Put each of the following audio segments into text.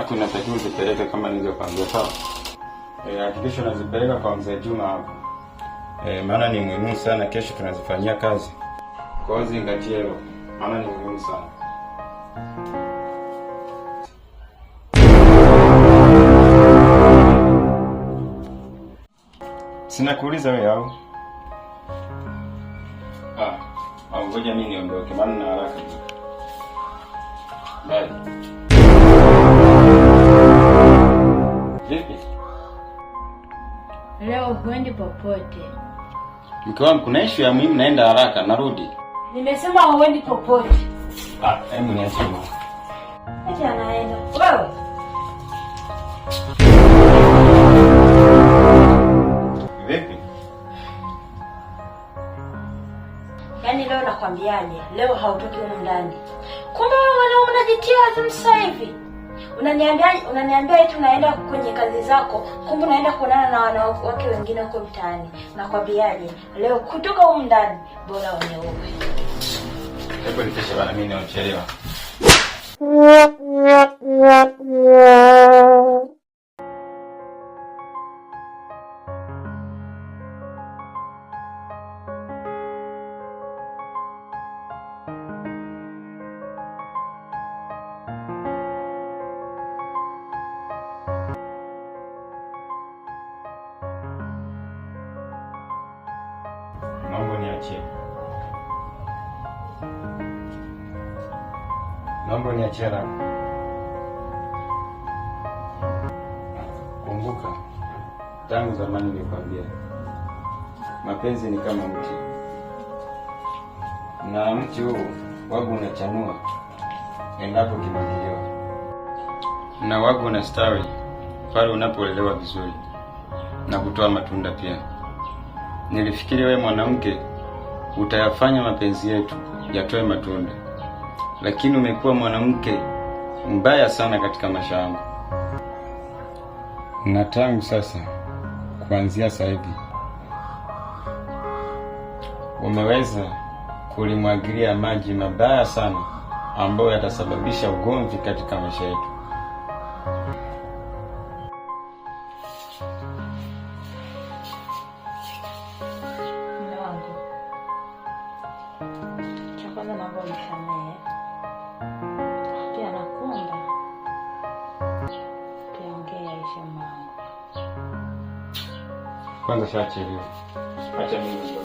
yako inatakiwa uzipeleke kama nilivyopangia, sawa? Eh, Hakikisha unazipeleka kwa mzee Juma hapo, eh, maana ni muhimu sana. Kesho tunazifanyia kazi, kwa hiyo zingatia hilo, maana ni muhimu sana. Sina kuuliza wewe au? Ah, ngoja mimi niondoke maana na haraka. Bye. Vipi leo, huendi popote? Mke wangu, kuna ishu ya muhimu, naenda haraka, narudi. Nimesema huendi popote. Ah, hebu niachie. Acha anaenda. Wewe vipi? Yaani leo nakwambiaje, leo hautoki huko ndani. Kumbe wewe mwanaume unajitia azimsa hivi Unaniambia unaniambia eti unaenda kwenye kazi zako, kumbe unaenda kuonana na wanawake wengine huko mtaani. Nakwambiaje, leo kutoka huko ndani bora unyeupe. Hebu nikeshe bana, mimi naochelewa. mambo ni achara. Kumbuka, tangu zamani nilikwambia mapenzi ni kama mti, na mti huu wagu unachanua endapo kimwagiliwa, na wagu unastawi pale unapolelewa vizuri na kutoa matunda pia. Nilifikiri wewe mwanamke utayafanya mapenzi yetu yatoe matunda lakini umekuwa mwanamke mbaya sana katika maisha yangu, na tangu sasa, kuanzia sasa hivi umeweza kulimwagilia maji mabaya sana ambayo yatasababisha ugomvi katika maisha yetu. cha kwanza naomba unisamehe. 换个相机了，还这么牛。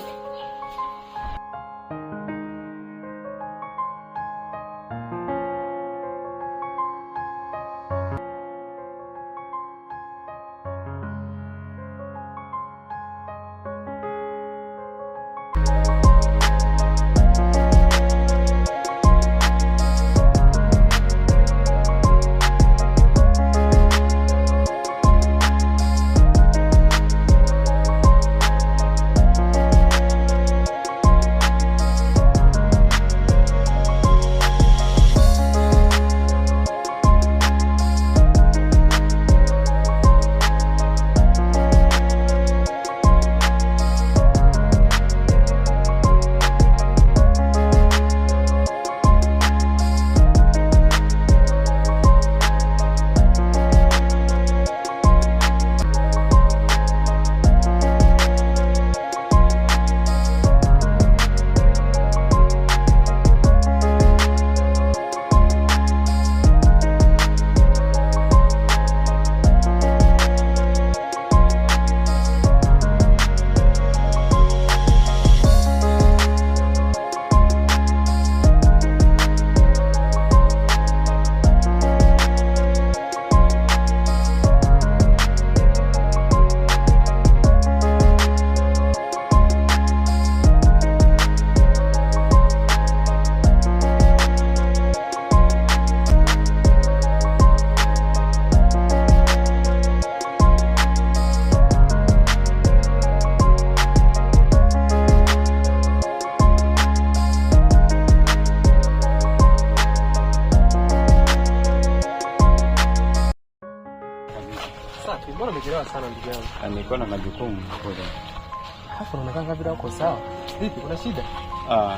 Niko vile uko sawa. Vipi, kuna shida? Ah,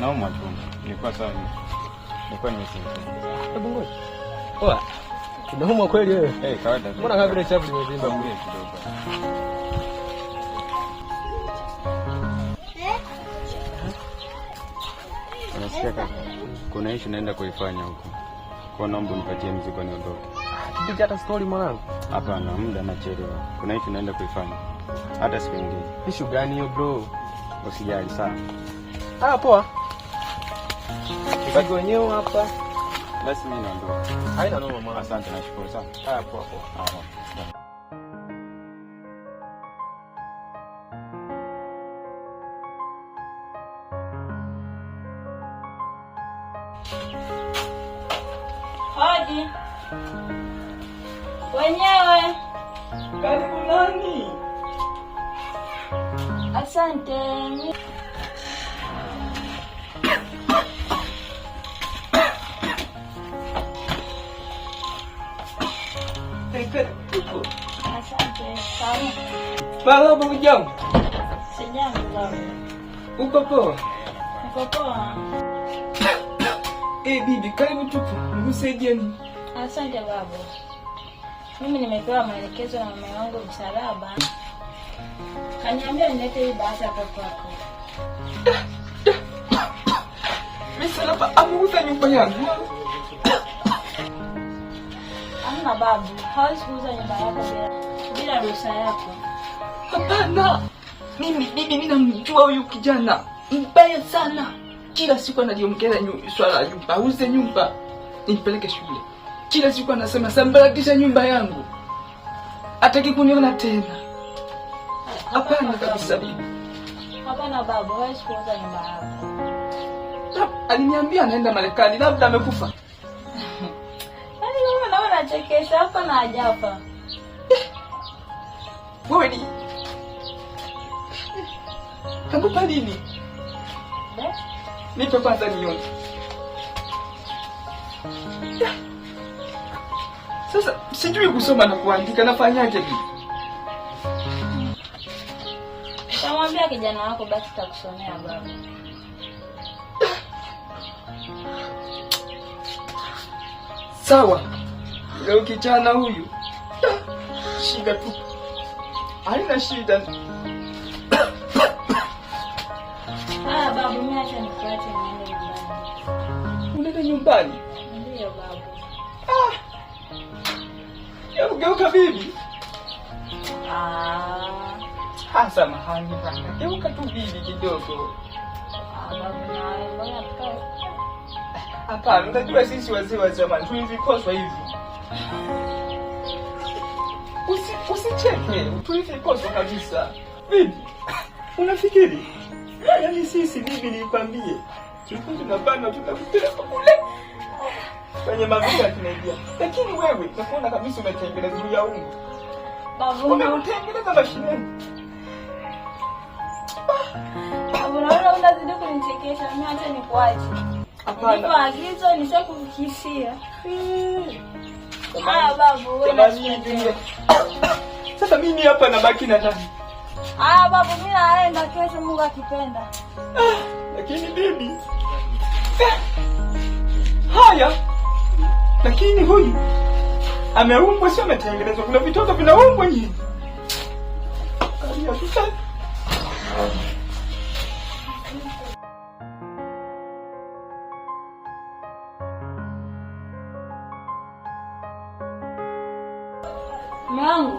naumwa tu. Nilikuwa sawa. Nilikuwa Hebu ngoja. Poa. Unaumwa kweli wewe? Eh, kawaida. Mbona kama vile chafu mwili kidogo. kaka. Kuna issue naenda kuifanya huko. Kwa naomba unipatie mzigo niondoke kupiga hata story mwanangu? Hapana, muda nachelewa, kuna hitu naenda kuifanya hata siku nyingine. Ishu gani hiyo bro? Usijali sana. Ah, poa. Kibago wenyewe hapa. Basi mimi naondoka. Haina noma mwanangu. Asante, nashukuru sana. Ah, poa poa. Ah, wenyewe. Karibu nani? Asante. Asante. Sawa. Balo bujang. Sejam bang. Uko poa. Uko poa. Eh, bibi karibu tupu, msaidieni. Asante babu. Mimi nimepewa maelekezo na mama wangu msalaba, kaniambia nilete hii bahasha hapo kwako. Msalaba ameuza nyumba yangu. Amna babu, hawezi kuuza nyumba yako bila ruhusa yako. Hapana, mimi bibi, ninamjua huyu kijana mbaya sana, kila siku analiongea swala la nyumba, auze nyumba nimpeleke shule kila siku anasema sambaratisha nyumba yangu, ataki kuniona tena. Hapana kabisa bibi. Hapana baba, hawezi kuuza nyumba yako. Aliniambia anaenda Marekani, labda amekufa. Yaani naona anachekesha hapa na hajapa. Eh, wewe ni kakupa nini? Eh? Nipe kwanza nione. Sasa sijui kusoma na kuandika, nafanyaje hivi? Tamwambia kijana wako basi takusomea baba. Sawa. Leo kijana huyu shida tu, haina shida. Ah, babu, mimi acha nikuache niende nyumbani. Unaenda nyumbani? Ndio. baba ya kugeuka bibi. Ah, hasa mahali pana geuka tu bibi kidogo. Hapana, unajua sisi wazee wa zamani tulivikoswa hivi. usicheke, tulivikoswa kabisa. Bibi, unafikiri? Yaani sisi bibi nikwambie. Tulikuwa tunapanda tunakupeleka kule kwenye mazingira tunaingia, lakini wewe nakuona kabisa unatengeneza juu ya umu. ungu, umeutengeneza mashineni. Unazidi kunichekesha mimi, acha nikuache. Hapana, agizo nishakufikishia. Ah, babu wewe. Sasa mimi hapa nabaki na nani? Ah, babu mimi naenda kesho, Mungu akipenda. Ah, lakini bibi. Eh, haya lakini huyu ameumbwa, sio ametengenezwa. Kuna vitoto vinaumbwa nyingi. Mume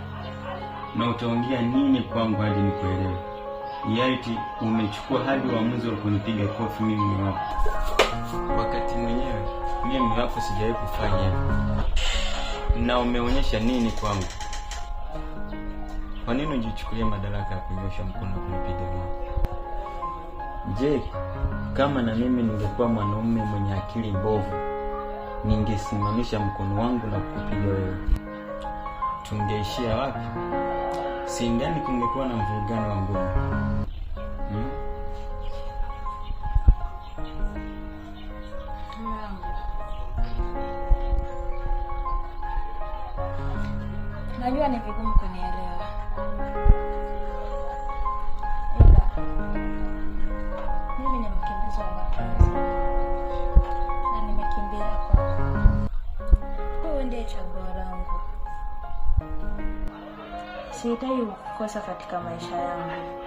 na utaongea nini kwangu hadi nikuelewe? Yaiti, umechukua hadi uamuzi wa kunipiga kofi mimi mume wako, wakati mwenyewe mimi mume wako sijawahi kufanya. Na umeonyesha nini kwangu? Kwa nini ujichukulia madaraka ya kunyosha mkono kunipiga mimi? Je, kama na mimi ningekuwa mwanaume mwenye akili mbovu, ningesimamisha mkono wangu na kukupiga wewe, tungeishia wapi? si ndani kumekuwa na mvurugano wa nguvu hmm? Najua ni vigumu kunielewa Sihitaji kukosa katika maisha yangu,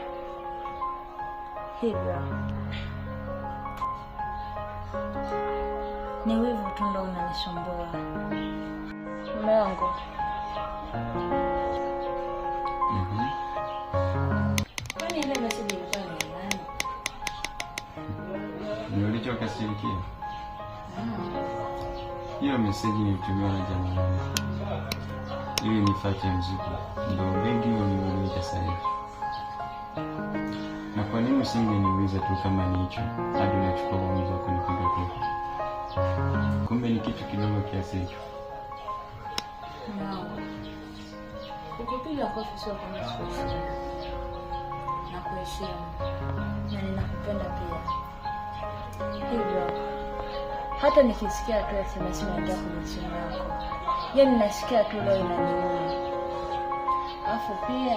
hivyo ni wivu tu ndo unanisumbua. Mume wangu, mm-hmm. kwani ile meseji ilikuwa ni nani? Ni ulichokasirikia hiyo meseji nilitumiwa na jamaa ili ni faki ya mziki, ndio bendi niliyoiweka sasa Na kwa nini usingeniuliza tu kama ni hicho, hadi unachukua uamuzi wa kunipiga tu? Kumbe ni kitu kidogo kiasi hicho. Kukupiga kofi sio Nakuheshimu na ninakupenda pia, hivyo hata nikisikia tu SMS naingia kwenye simu yako yani nasikia tu leo inaniuma, alafu pia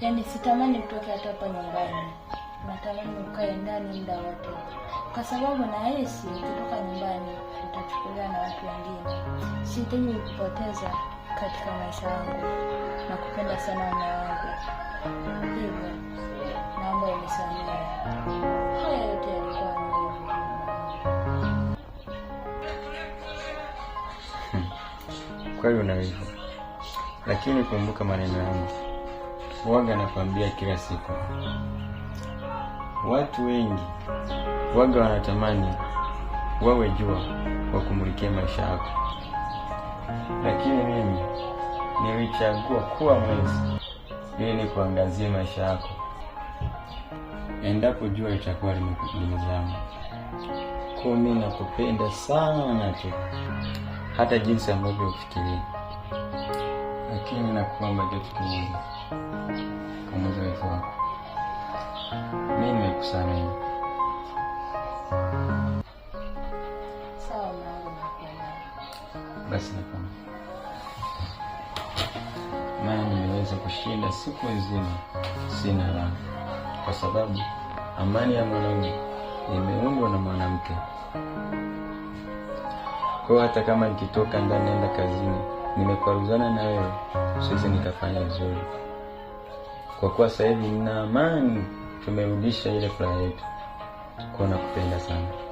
yani sitamani kutoka hata hapa nyumbani, natamani ukae ndani muda wote, kwa sababu nahisi ukitoka nyumbani utachukuliwa na watu wengine. Sihitaji kupoteza katika maisha yangu na kupenda sana mume wangu, hivyo naomba unisamehe. Haya yote yalikuwa kweli una wivu, lakini kumbuka maneno yangu waga, nakwambia kila siku. Watu wengi waga wanatamani wawe jua wa kumulikia maisha yako, lakini mimi nilichagua kuwa mwezi ili nikuangazie maisha yako endapo jua litakuwa limezama. Kwa mimi nakupenda sana tu hata jinsi ambavyo ufikiria, lakini nakuomba kitu kimoja, kama uzoefu wako mi nimekusamehe. Basi maana nimeweza kushinda siku nzima sina la kwa sababu amani ya mwanaume imeundwa na mwanamke. Kwa hata kama nikitoka ndani enda kazini, nimekwaruzana na wewe, siwezi nikafanya vizuri, kwa kuwa sasa hivi nina amani, tumerudisha ile furaha yetu. Kwa nakupenda sana.